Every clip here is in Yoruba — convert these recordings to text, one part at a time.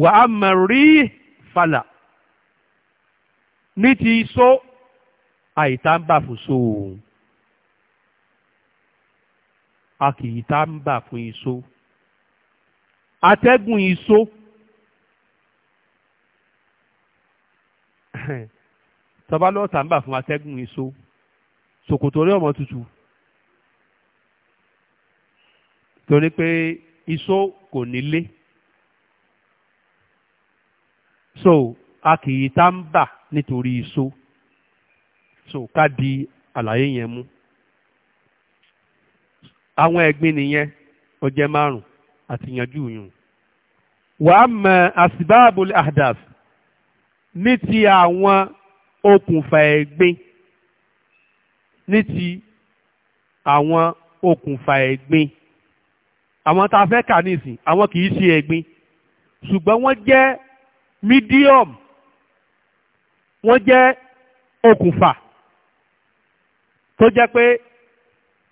wà á mọ̀ rí falà ní ti só àìtàǹbà fún sóò a kì í tàǹbà fún iṣó atẹ́gùn iṣó tọba lọ tàǹbà fún atẹ́gùn iṣó ṣòkòtò orí ọmọ tutù torí pé iṣó kò nílé so a kì í tá ń bà nítorí iṣó so ká di àlàyé yẹn mú àwọn ẹ̀gbin nìyẹn ó jẹ́ márùn àti yanjú yùn wàá mọ asibáàbò ahdaf ní ti àwọn okùnfà ẹ̀gbin ní ti àwọn okùnfà ẹ̀gbin àwọn tá a fẹ́ kà nísìn àwọn kì í ṣe ẹ̀gbin ṣùgbọ́n wọ́n jẹ́ medium wọ́n jẹ́ okùnfà tó jẹ́ pé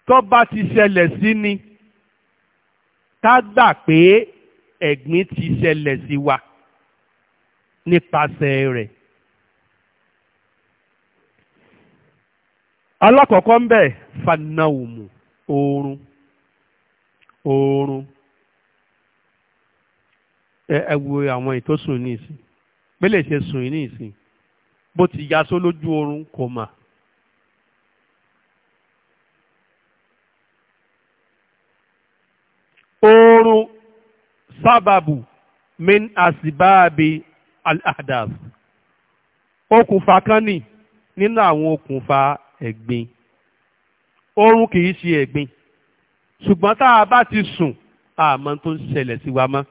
tó bá ti ṣẹlẹ̀ sí ni ká gbà pé ẹ̀gbin ti ṣẹlẹ̀ sí wa nípasẹ̀ rẹ̀. alákọ̀ọ́kọ́ ń bẹ̀ fanáwùmù oorun oorun ẹ wo àwọn ètò sùn ní ìsìn pé lè ṣe sùn ní ìsìn bó ti yasó lójú oorun kò mà. oorun sábàbù min àsìbáàbí al-ahdaf okùnfà kan ni nínú àwọn okùnfà ẹ̀gbin oorun kì í ṣe ẹ̀gbin ṣùgbọ́n tá a bá ti sùn àmọ́ tó ń ṣẹlẹ̀ sí wa mọ́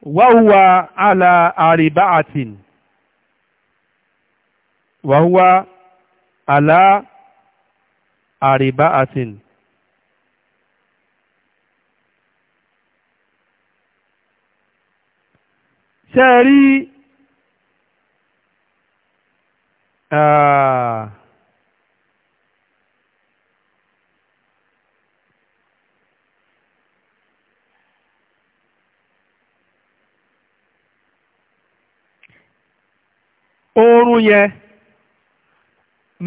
wàhùwà àlà àrìbáàtìn wàhùwà àlà àrìbáàtìn ṣe rí ọ̀run yẹn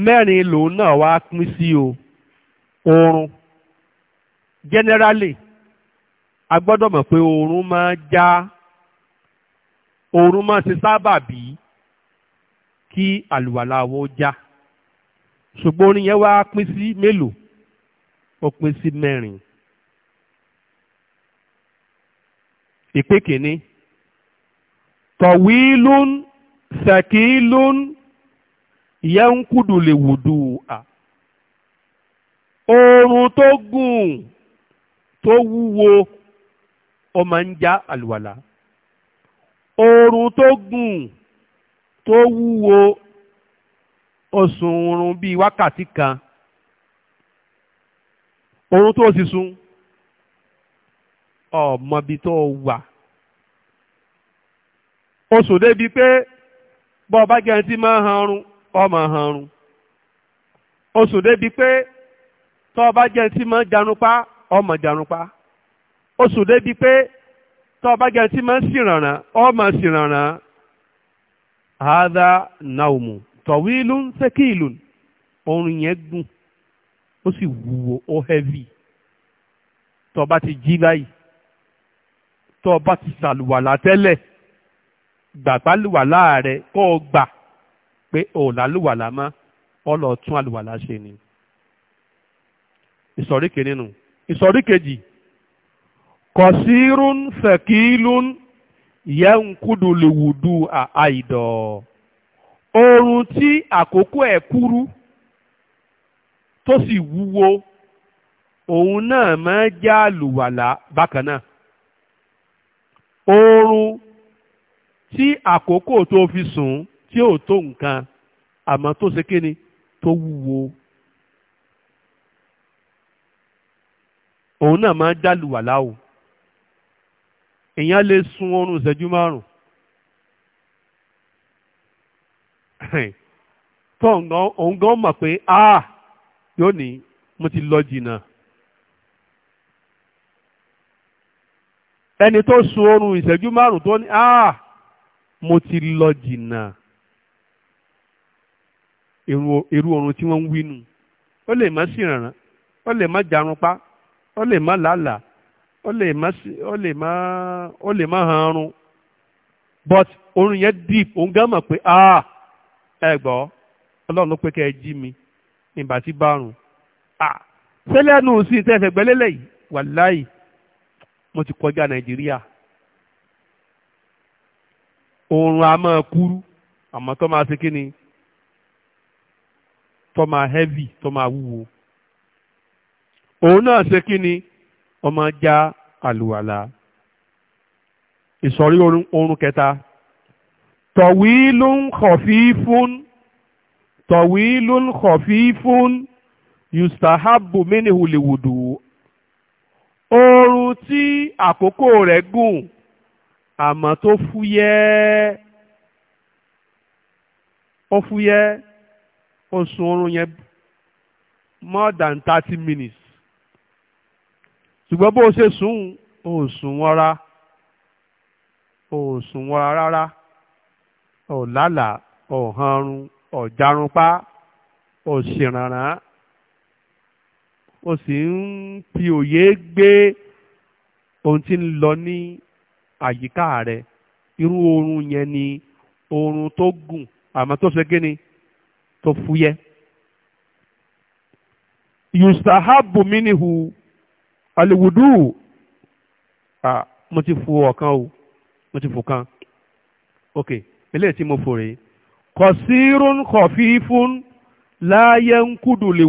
mẹ́rin lòun náà wá pín sí o oorun generally a gbọ́dọ̀ mọ̀ pé oorun máa já oorun máa ti sábà bí kí àlùwàlà wo já ṣùgbọ́n orin yẹn wá pín sí mélòó ó pín sí mẹ́rin. ìpè kìíní tọ̀wílùn sàkílùn yankudu lè wùdù à oorun tó gùn tó wúwo ó máa ń já àlùwàlà oorun tó gùn tó wúwo oṣùn oorun bíi wákàtí kan oorun tó sì sùn ọmọbi tó wà oṣù débi pé bọ́ ọba jẹ́ ẹni tí máa han ọrùn ọmọ han ọrùn oṣù débi pé tọ́ ọba jẹ́ ẹni tí máa janupá ọmọ janupá oṣù débi pé tọ́ ọba jẹ́ ẹni tí máa sìrànà ọmọ sìrànà àádá naumu tọ̀wílù ń sẹ́kìlù yẹn gùn ó sì wúwo ó hẹ́vì tọ́ ti jí báyìí tọ́ ti sàlùwàlà tẹ́lẹ̀. gbàgbálùwàlá rẹ kó o gbà pé ò lálùwàlá mọ́ ọ lọ tún àlùwàlá ṣe ni. ìsọ̀rí kìíní nù ìsọ̀rí kejì kọ̀sírún fẹ̀kìlún yẹ́nkúdùlùwùdù àìdọ̀ oorun tí àkókò ẹ̀ kúrú tó sì wúwo òun náà máa já àlùwàlá bákan náà oorun tí àkókò tó fi sùn tí ò tó nǹkan àmọ́ tó ṣe kíni tó wúwo. òun náà máa ń dàlùwà láwò èèyàn lè sun oorun ìṣẹ́jú márùn tó òun gan mọ̀ pé ah yóò ní mo ti lọ jìnnà. ẹni tó sun oorun ìṣẹ́jú márùn tó ní ah mo ti lọ jìnnà irú oorun tí wọ́n ń wínú ó lè má sí ìrànràn ó lè má jarun pa ó lè má làálàá ó lè má ó lè má ó lè má arun but orin yẹn deep òun gán mọ̀ pé ah ẹ gbọ́ ọlọ́run ló pé kẹ́ ẹ jí mi nígbà tí bárùn ah sẹ́lẹ̀ nù sí gbelele yìí wàláì mo ti kọjá nàìjíríà oorun a máa kúrú àmọ́ tó máa ṣe kí ni tó máa heavy tó máa wúwo òun náà ṣe kí ni ọmọ já àlùwàlà ìsọ̀rí oorun kẹta tọ̀wí ló ń kọ̀fí fún tọ̀wí ló ń kọ̀fí fún yustahabu mínihùlìwùdù oorun tí àkókò rẹ̀ gùn àmọ́ tó fúyẹ́ ó fúyẹ́ ó sun oorun yẹn more than thirty minutes ṣùgbọ́n bó o ṣe sùn ò sùn wọra ò sùn wọra rárá ò lálàá ò hanrun ò jarunpá ò ṣèrànràn ó sì ń fi òye gbé ohun tí ń lọ ní àyíká rẹ irú oorun yẹn ni oorun tó gùn àmọ́ tó ṣe kíni tó fúyẹ́. yustahabu minihu aliwudu a mo ti fò ọ̀kan o mo ti fò kan ok eléyìí tí mo fò rèé kọ̀sírún kọ̀fífún láyé ń kúdù lè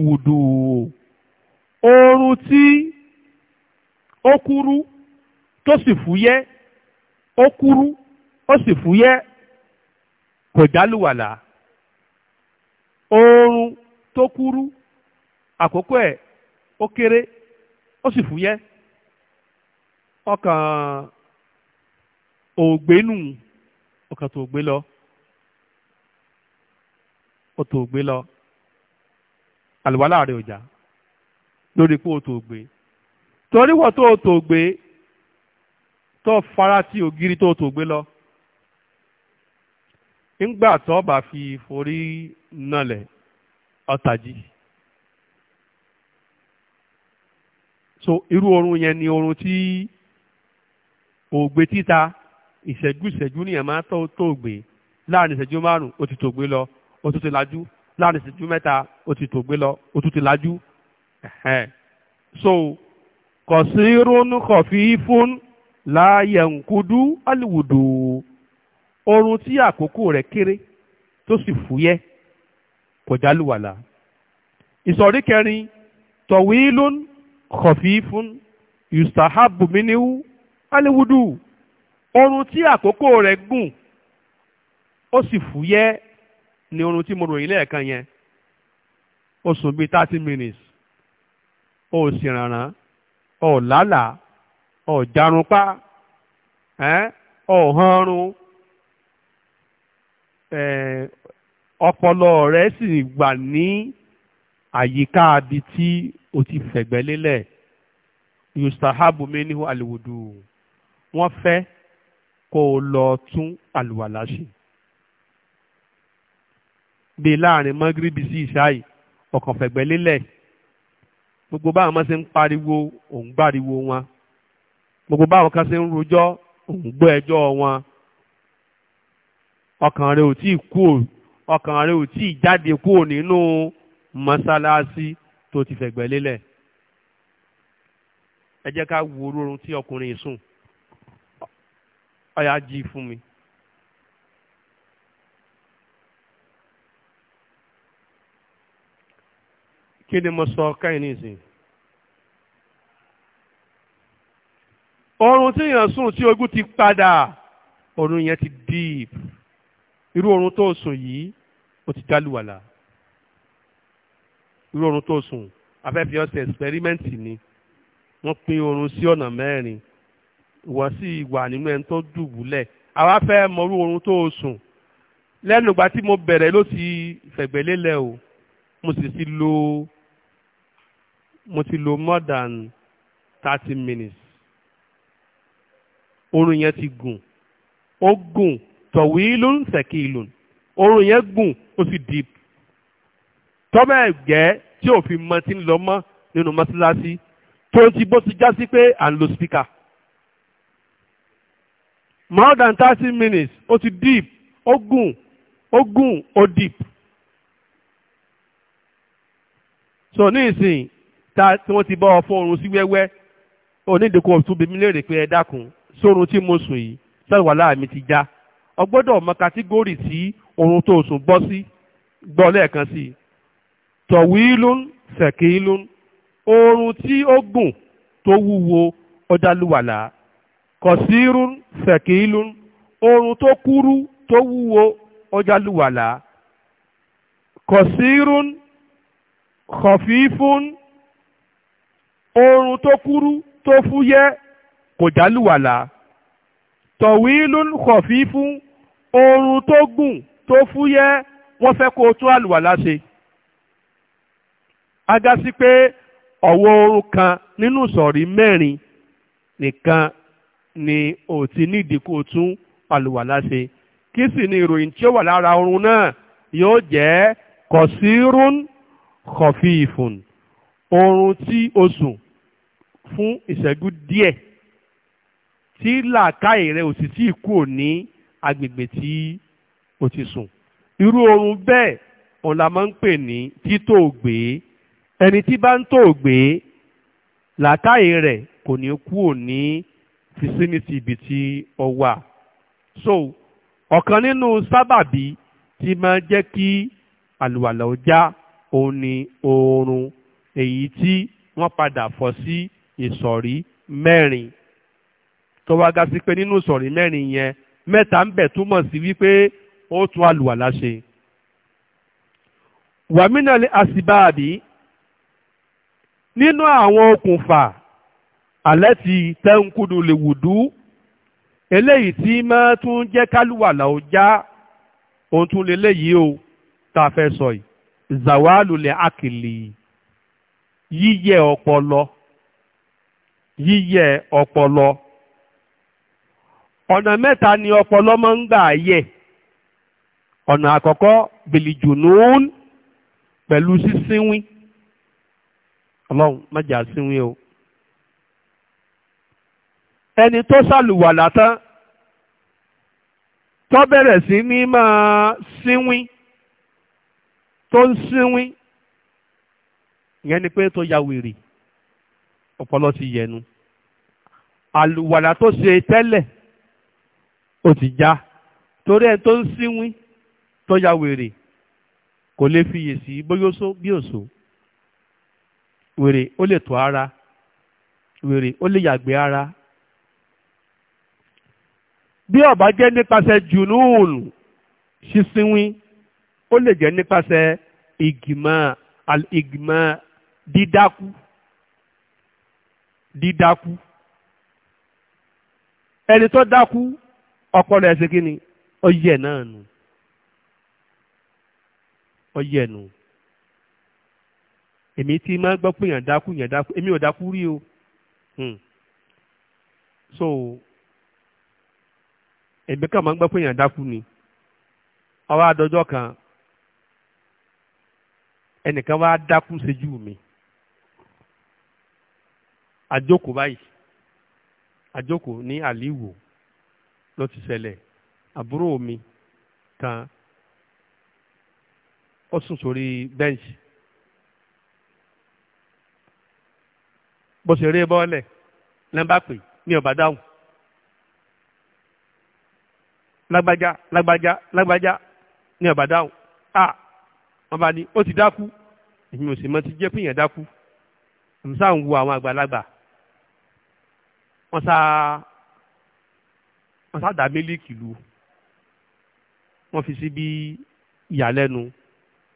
oorun tí ó kúrú tó sì fúyẹ́ ó kúrú ó sì fúyẹ́ kò jálùwàlà oorun tó kúrú àkókò ẹ̀ ó kéré ó sì fúyẹ́ ọkàn ògbénù ọkàn tó gbé lọ ó tó gbé lọ àlùwàlà rẹ̀ ọjà já lórí pé ó tó gbé torí wọ́n tó tó gbé tó fara ti ògiri tó tó gbé lọ ńgbà tó bá fi forí nalẹ̀ ọ̀tàjì so irú oorun yẹn ni oorun tí ògbé títa ìṣẹ́jú ìṣẹ́jú nìyẹn máa tó tó gbé láàrin ìṣẹ́jú márùn ó ti tó gbé lọ ó tún ti lajú láàrin ìṣẹ́jú mẹ́ta ó ti tó gbé lọ ó tún ti lajú so kọ̀sírún kọ̀fí fún láàyẹ̀ǹkúdú aliwùdù oorun tí àkókò rẹ̀ kéré tó sì fúyẹ́ kò jálùwàlà ìsọ̀rí kẹrin tọ̀wílún kọ̀fífún yustahabu miniu aliwùdù oorun tí àkókò rẹ̀ gùn ó sì fúyẹ́ ni oorun tí mo ròyìn lẹ́ẹ̀kan yẹn ó sùn bíi thirty minutes ó sì rànràn ó làálàá ọ̀jàrúnpá ọ̀hánrún ọpọlọ rẹ sì wà ní àyíká abi tí o ti fẹ̀gbẹ́ lélẹ̀ yustahabu minihu aliwudu wọ́n fẹ́ kó o lọ tún àlùwàlá ṣe bí láàrin mọ́gíríbì sí ìṣáì ọkàn fẹ̀gbẹ́ lélẹ̀ gbogbo báwọn ọmọ ṣe ń pariwo òun gbáriwo wọn gbogbo báwọn kan ṣe ń rojọ́ ń gbọ́ ẹjọ́ wọn ọkàn rẹ ò tí ì o ọkàn rẹ ò tí ì jáde kúrò nínú tó ti fẹ̀gbẹ́ lélẹ̀ ẹ jẹ́ ká wo orórun tí ọkùnrin yìí sùn ọ̀yà jí fún mi. kí ni mo sọ káyìn nísìnyí. oorun tí èèyàn sùn tí ojú ti padà oorun yẹn ti deep irú oorun tó sùn yìí ó ti dálùwàlà irú oorun tó sùn afẹ́fẹ́ ọ̀sẹ̀ experiment ni wọ́n pín oorun sí ọ̀nà mẹ́rin wọ́n sì wà nínú ẹni tó dùbúlẹ̀ àwa fẹ́ mọ irú oorun tó sùn lẹ́nu ìgbà tí mo bẹ̀rẹ̀ ló ti fẹ̀gbẹ́ lélẹ̀ o mo sì ti lo mo ti lo more than thirty minutes oorun yẹn ti gùn ó gùn tọ̀wí ló ń sẹ̀kì lò oorun yẹn gùn ó sì deep tọ́bẹ̀ gẹ́ tí òfin mọ ti ń lọ mọ́ nínú mọ́ṣáláṣí tó ń ti bó ti já sí pé à ń lo speaker more than thirty minutes ó ti deep ó gùn ó gùn ó deep so ní ìsìn tá tí wọ́n ti bọ́ ọ fún oorun sí wẹ́wẹ́ onídìkú ọ̀tún bèmí léèrè pé ẹ dákun sórun tí mo sùn yìí sálùwàlá mi ti já o gbọ́dọ̀ mọ kátígórì tí oorun tó sùn bọ́ sí gbọ́ lẹ́ẹ̀kan sí i tọ̀wílún sẹ̀kílún oorun tí ó gùn tó wúwo ọ̀dàlúwàlá kọ̀sírún sẹ̀kílún oorun tó kúrú tó wúwo ọ̀dàlúwàlá kọ̀sírún kọ̀fífún oorun tó kúrú tó fúyẹ́ kò jálùwàlà tọ̀wílùn kọ̀fí fún oorun tó gùn tó fúyẹ́ wọ́n fẹ́ kó tún àlùwàlà ṣe aga sí pé ọ̀wọ́ oorun kan nínú sọ̀rí mẹ́rin nìkan ni ò ti nídìí kó tún àlùwàlà ṣe kí sì ni ìròyìn tí ó wà lára oorun náà yóò jẹ́ kọ̀sírún kọ̀fí ìfún oorun tí o sùn fún ìṣẹ́jú díẹ̀ tí làákàyè rẹ ò sì tí ì kúrò ní agbègbè tí o ti sùn irú oorun bẹ́ẹ̀ òun la máa ń pè ní títò ògbé ẹni tí bá ń tò ògbé làákàyè rẹ kò ní kúrò ní fisiniti ibi tí ọ wà so ọ̀kan nínú sábàbí tí máa jẹ́ kí àlùwàlà ó já òun ni oorun èyí tí wọ́n padà fọ́ sí ìsọ̀rí mẹ́rin tó wá ga sí pé nínú sọ̀rí mẹ́rin yẹn mẹ́ta ń bẹ̀ túmọ̀ sí wípé ó tún àlùwàlá ṣe. wàmínàlẹ́ àsìbáàbí nínú àwọn okùnfà alẹ́ ti tẹ́ńkúdù lè wùdú eléyìí tí máa tún jẹ́ kálùwàlà ó já ohun tún lè léyìí o tá a fẹ́ sọ yìí zawalulẹ̀ akìlì yíyẹ ọpọlọ yíyẹ ọpọlọ ọ̀nà mẹ́ta ni ọpọlọ máa ń gbà yẹ̀ ọ̀nà àkọ́kọ́ bìlìjùnún pẹ̀lú sísínwín ọlọ́run mẹ́jà sínwín o ẹni tó ṣàlùwàlá tán tó bẹ̀rẹ̀ sí ní máa sínwín tó ń sínwín ìyẹn ni pé tó ya wèrè ọpọlọ ti yẹnu àlùwàlá tó ṣe tẹ́lẹ̀ ó ti já torí ẹ tó ń síwín tó ya wèrè kò lè fiyèsí bóyá oṣó bí oṣó wèrè ó lè tọ̀ ara wèrè ó lè yàgbé ara bí ó bá jẹ́ nípasẹ̀ jùnúùnù ṣíṣínwín ó lè jẹ́ nípasẹ̀ ìgbìmọ̀ ìgbìmọ̀ dídákú dídákú ẹni tó dákú ọpọlọ ẹ kí ni ọyẹ náà nù ọyẹ nù èmi ti máa gbọ́ pé yàn dákú yàn dákú èmi ò dákú rí o hmm. so èmi kàn máa gbọ́ pé yàn dákú ni ọwọ́ adọ́jọ́ kan ẹnìkan wá dákú ṣẹ́jú mi àjókòó báyìí àjókòó ní àlìwò ló ti ṣẹlẹ̀ àbúrò mi kan ó sùn sórí bẹ́ǹṣì bó ṣe rí bọ́ọ̀lẹ̀ lẹ́nbà pè ní ọ̀bà dáhùn lágbájá lágbájá lágbájá ní ọ̀bà dáhùn à wọ́n bá ní ó ti dákú èmi ò sì mọ ti jẹ́ pé èèyàn dákú àmì sáà ń wo àwọn àgbàlagbà wọ́n sáà wọ́n sáàdá mílíkì lu wọ́n fi sí bí ìyàlẹ́nu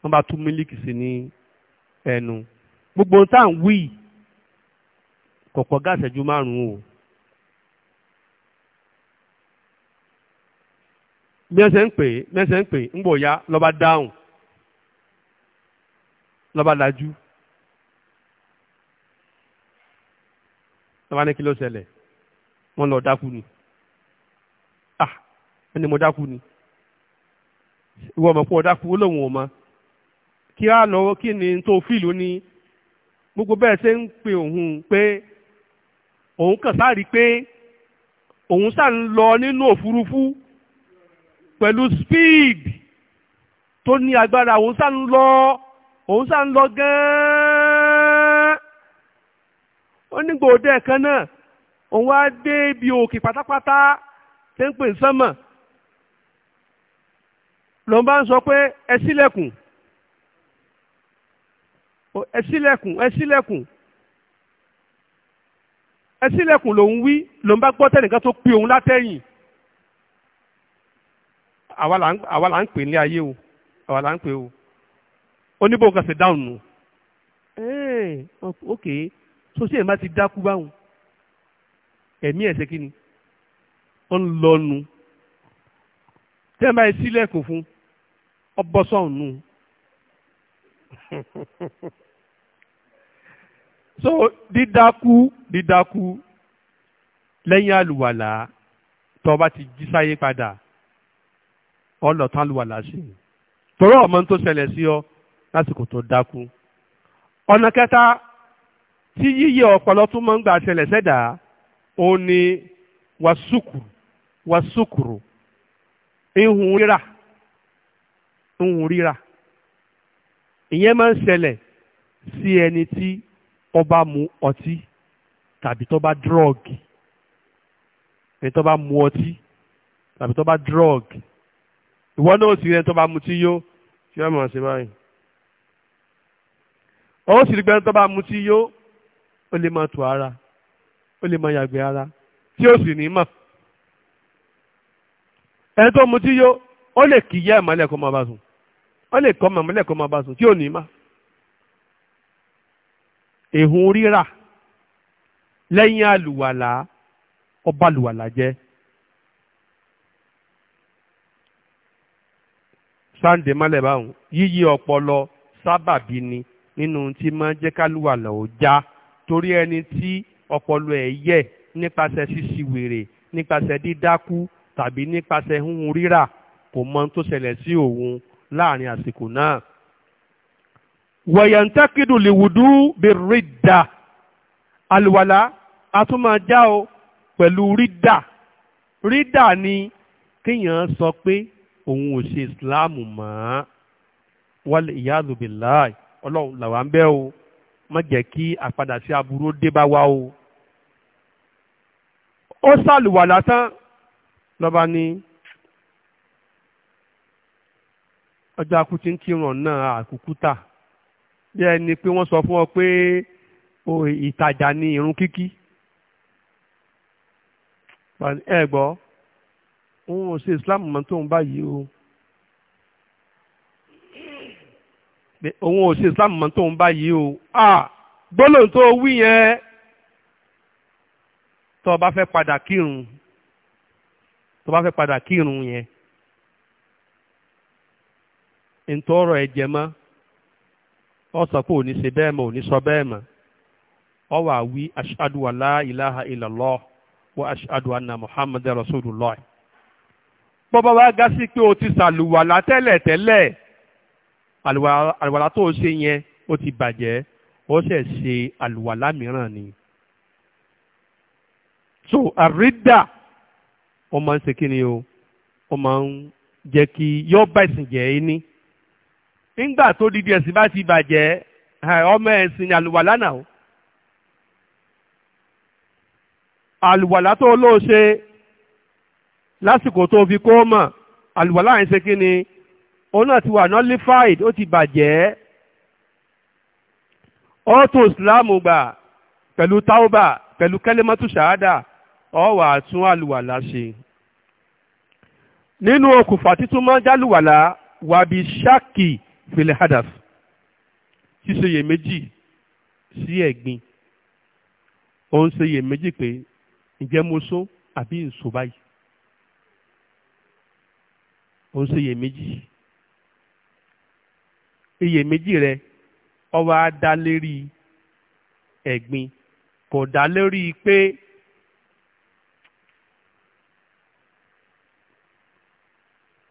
wọ́n bá tú mílíkì sí ní ẹnu gbogbo tá à ń wí kọ̀kọ́ gáàsẹ̀jú márùn-ún o. mẹsẹ̀ ń pè é mẹsẹ̀ ń pè é ń bọ̀ ya lọ́ba dáhùn lọ́ba lajú lọ́ba ní kí ló ṣẹlẹ̀ wọ́n lọ dákú ni. ẹni mo dákú ni ìwọ ọmọ pé ọ dákú ó lóun kí ni tó ni gbogbo bẹ́ẹ̀ ṣe ń pe òun pé òun kàn sáàrí pé òun sá lọ nínú òfurufú pẹ̀lú speed tó ní agbára òun sá lọ òun sá lọ gan ló ń bá ń sọ pé ẹ sílẹ̀kùn ẹ sílẹ̀kùn ẹ sílẹ̀kùn ẹ sílẹ̀kùn ló ń wí ló ń bá gbọ́ tẹ́nìkan tó pe òun látẹ̀yìn àwa là ń pè ní ayé o àwa là ń pè o oníbò sì dáhùn nù ok so ṣé ẹ̀ ti dákú báwọn ẹ̀mí ẹ̀ kí ni ó ń lọ nu tẹ́ ẹ sílẹ̀kùn fún un ọbọ̀sọ̀hún nù. so dídákú dídákú lẹ́yìn àlùwàlà tó bá ti jí sáyé padà ọlọ́tàn àlùwàlà sí i torí ọmọ tó ṣẹlẹ̀ sí ọ lásìkò tó dákú. ọ̀nà kẹta tí yíyẹ ọpọlọ tún máa ń gbà ṣẹlẹ̀ sẹ́dà òun ni wàsúkùrù wàsúkùrù ihun rírà ń ríra ìyẹn máa ń ṣẹlẹ̀ sí ẹni tí ó bá mu ọtí tàbí tó bá dírọ́ọ̀gì ẹni tó bá mu ọtí tàbí tó bá dírọ́ọ̀gì ìwọ náà sì rí ẹni tó bá mutí yó tí wọ́n mọ̀ sí báyìí ó sì rí ẹni tó bá mutí yó ó lè máa tù ara ó lè máa yàgbé ara tí ó sì ní mọ̀ ẹni tó mutí yó ó lè kì í yá ìmọ̀lẹ̀ kó máa bá sùn wọ́n lè kọ́ mọ̀mọ́lẹ̀ kọ́ máa bá sùn tí ò ní má. èhun rírà lẹ́yìn àlùwàlà ọba àlùwàlà jẹ́. sáǹdé mọ́lẹ̀ báwọn yíyí ọpọlọ sábàbí ni nínú tí máa jẹ́ kálùwàlà ó já torí ẹni tí ọpọlọ ẹ̀ yẹ̀ nípasẹ̀ ṣíṣí wèrè nípasẹ̀ dídákú tàbí nípasẹ̀ húhun rírà kò mọ tó ṣẹlẹ̀ sí òun láàrin àsìkò náà. wọ̀yẹ̀ntẹ́kìdù lìwùdú bí rídà àlùwàlá àtúmọ̀já o pẹ̀lú rídà rídà ni kéèyàn sọ pé òun ò ṣe ìsìláàmù mọ́ wálé ìyáàdù bìláì ọlọ́run làwọn ń bẹ̀ o má jẹ́ kí àpadà sí aburú dé bá wa o. ó sàlùwàlá tán lọ́ba ni ọjọ́ akú ti ń kírun náà àkúkúta bí ẹni pé wọ́n sọ fún ọ pé ìtajà ni irun kíkí ẹ gbọ́ òun ò ṣe Islam mọ́ tóun báyìí o òun ò ṣe Islam mọ́ tóun báyìí o gbólóhùn tó wí yẹn tó o bá fẹ́ padà kírun tó o bá fẹ́ padà kírun yẹn ntọ́rọ̀ ẹ jẹ mọ́ ọ sọ pé òní ṣe ashadu wa la ilaha illallah wa ashadu anna muhammad rasulullah bọ́bá wa gá sí pé o ti ṣàlùwàlá tẹ́lẹ̀ tẹ́lẹ̀ àlùwàlá tó o ṣe yẹn ó ti bàjẹ́ ó ṣẹ̀ ṣe àlùwàlá mìíràn ni so àrídà ó máa ń ṣe kí ni o ó máa ń jẹ́ kí yọ́ bá ìsìn jẹ́ ẹ́ ní ńgbà tó dídí ẹ̀sìn bá ti bàjẹ́ ọmọ ẹ̀sìn àlùwàlá náà o àlùwàlá tó lóò ṣe lásìkò tó fi kó mọ̀ àlùwàlá yẹn ṣe kí ni òun náà ti wà nullified ó ti bàjẹ́ ó tún ìsìláàmù gbà pẹ̀lú táwọ́bà pẹ̀lú kẹ́lẹ́mọ́tù ṣàádà ó wá tún àlùwàlá ṣe nínú okùnfà títún jálùwàlá wàbí ṣáàkì fil hadas ṣíṣeyèméjì sí ẹ̀gbin ó ń ṣeyèméjì pé ǹjẹ́ mo só àbí ǹso báyìí ó ń ṣeyèméjì iyèméjì rẹ ó wá dá lérí ẹ̀gbin kò dá lérí pé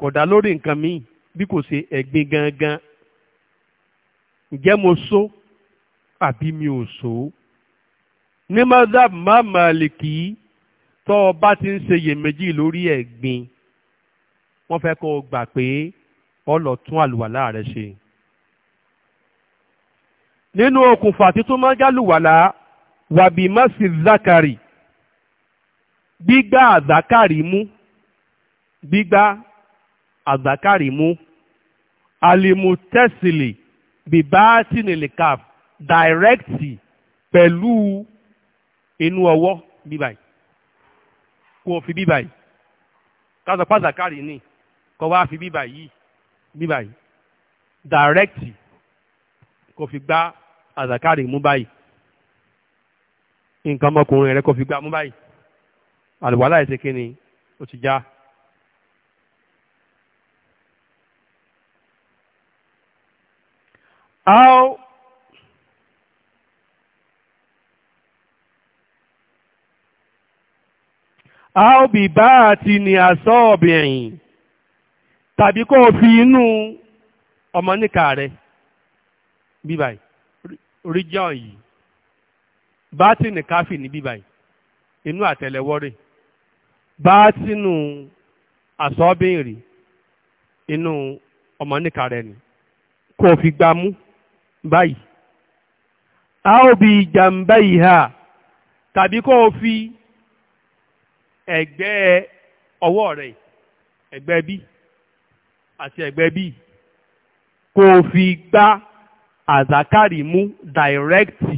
kò dá lórí nǹkan míì bí kò ṣe ẹ̀gbin gangan ǹjẹ́ mo só àbí mi ò só ní mazhab mamaliki tó o bá ti ń ṣe iyèméjì lórí ẹ̀gbin wọ́n fẹ́ kó o gbà pé ọ lọ tún àlùwàlá rẹ ṣe nínú okùnfà títún máa ń jálùwàlá wàbí mọ́sí zákàrì gbígbá àzákàrí mú gbígbá àzákàrí mú alimu tẹ́sílì bíbáàtì nìlìkàf dàírẹ́kìtì pẹ̀lú inú ọwọ́ bíbáyì kò fi bíbáyì kásọ pàṣàkárì ni kò wá fi bíbáyì bíbáyì dàírẹ́kìtì kò fi gbá àṣàkárì mú báyìí nǹkan ọmọkùnrin rẹ kò fi gbá mú báyìí àlùwàlá ìṣèkínni ó ti Ja. أو أو بباطن أصابعه tàbí kó o fi inú ọmọ níka rẹ bíbáyìí region yìí bátìnì káfì ní bíbáyìí inú àtẹ́lẹwọ́ rẹ̀ bátìnù àsọ́bìnrin inú ọmọ níka rẹ ni kó o fi gbámú. báyìí a ó bi jàǹbá ìhà tàbí kó o fi ẹ̀gbẹ́ ọwọ́ rẹ̀ ẹ̀gbẹ́ bí àti ẹ̀gbẹ́ bí kó o fi gbá àzákàrí mú dàírẹ́kìtì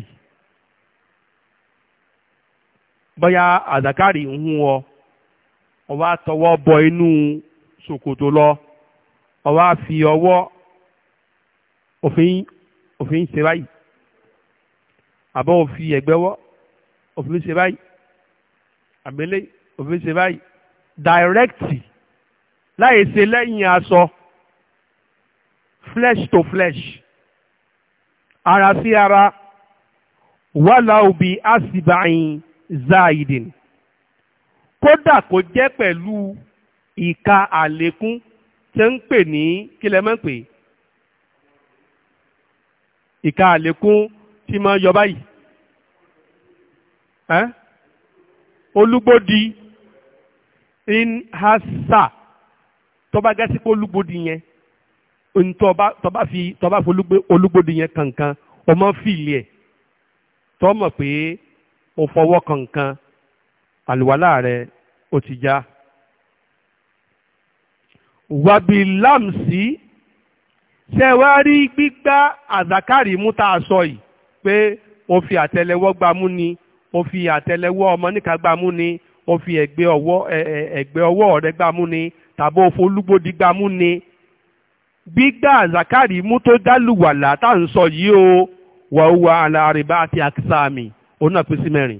bóyá àzákàrí ń hún ọ ọ wá tọwọ́ bọ inú ṣòkòtò lọ ọ wá fi ọwọ́ òfin òfin ṣe báyìí àbọ̀ òfin ẹ̀gbẹ́ wọ́ òfin ṣe báyìí àbẹ́lẹ́ òfin ṣe báyìí dàrẹ́kìtì láì ṣe lẹ́yìn aṣọ flesh to flesh ara sí ara wàhálà òbí àṣìbáyìn záàyìdìn kódà kò jẹ́ pẹ̀lú ìka àlékún tí ń pè ní kílẹ̀ mọ́ pè ìka àlékún tí máa yọ báyìí ẹ́ olúgbòdì in hasa tó bá gẹ́sí pé olúgbòdì yẹn ohun tó bá fi olúgbòdì yẹn kankan ọmọ fìlì ẹ̀ tó mọ̀ pé o fọwọ́ kankan àlùwàlá rẹ̀ ó ti já wàbí lámsì ṣe wá rí gbígbá àzákàrí mú a sọ yìí pé mo fi àtẹ́lẹwọ́ gbámú ni mo fi àtẹ́lẹwọ́ ọmọ níka gbámú ni mo fi ẹ̀gbẹ́ ọwọ́ ẹ̀gbẹ́ ọwọ́ rẹ gbámú ni tàbí òfò olúgbòdì gbámú ni gbígbá àzákàrí mú tó dálùwàlà tá à ń sọ yìí o wàhùwà àlàrìbá àti àkísàmì òun náà mẹ́rin.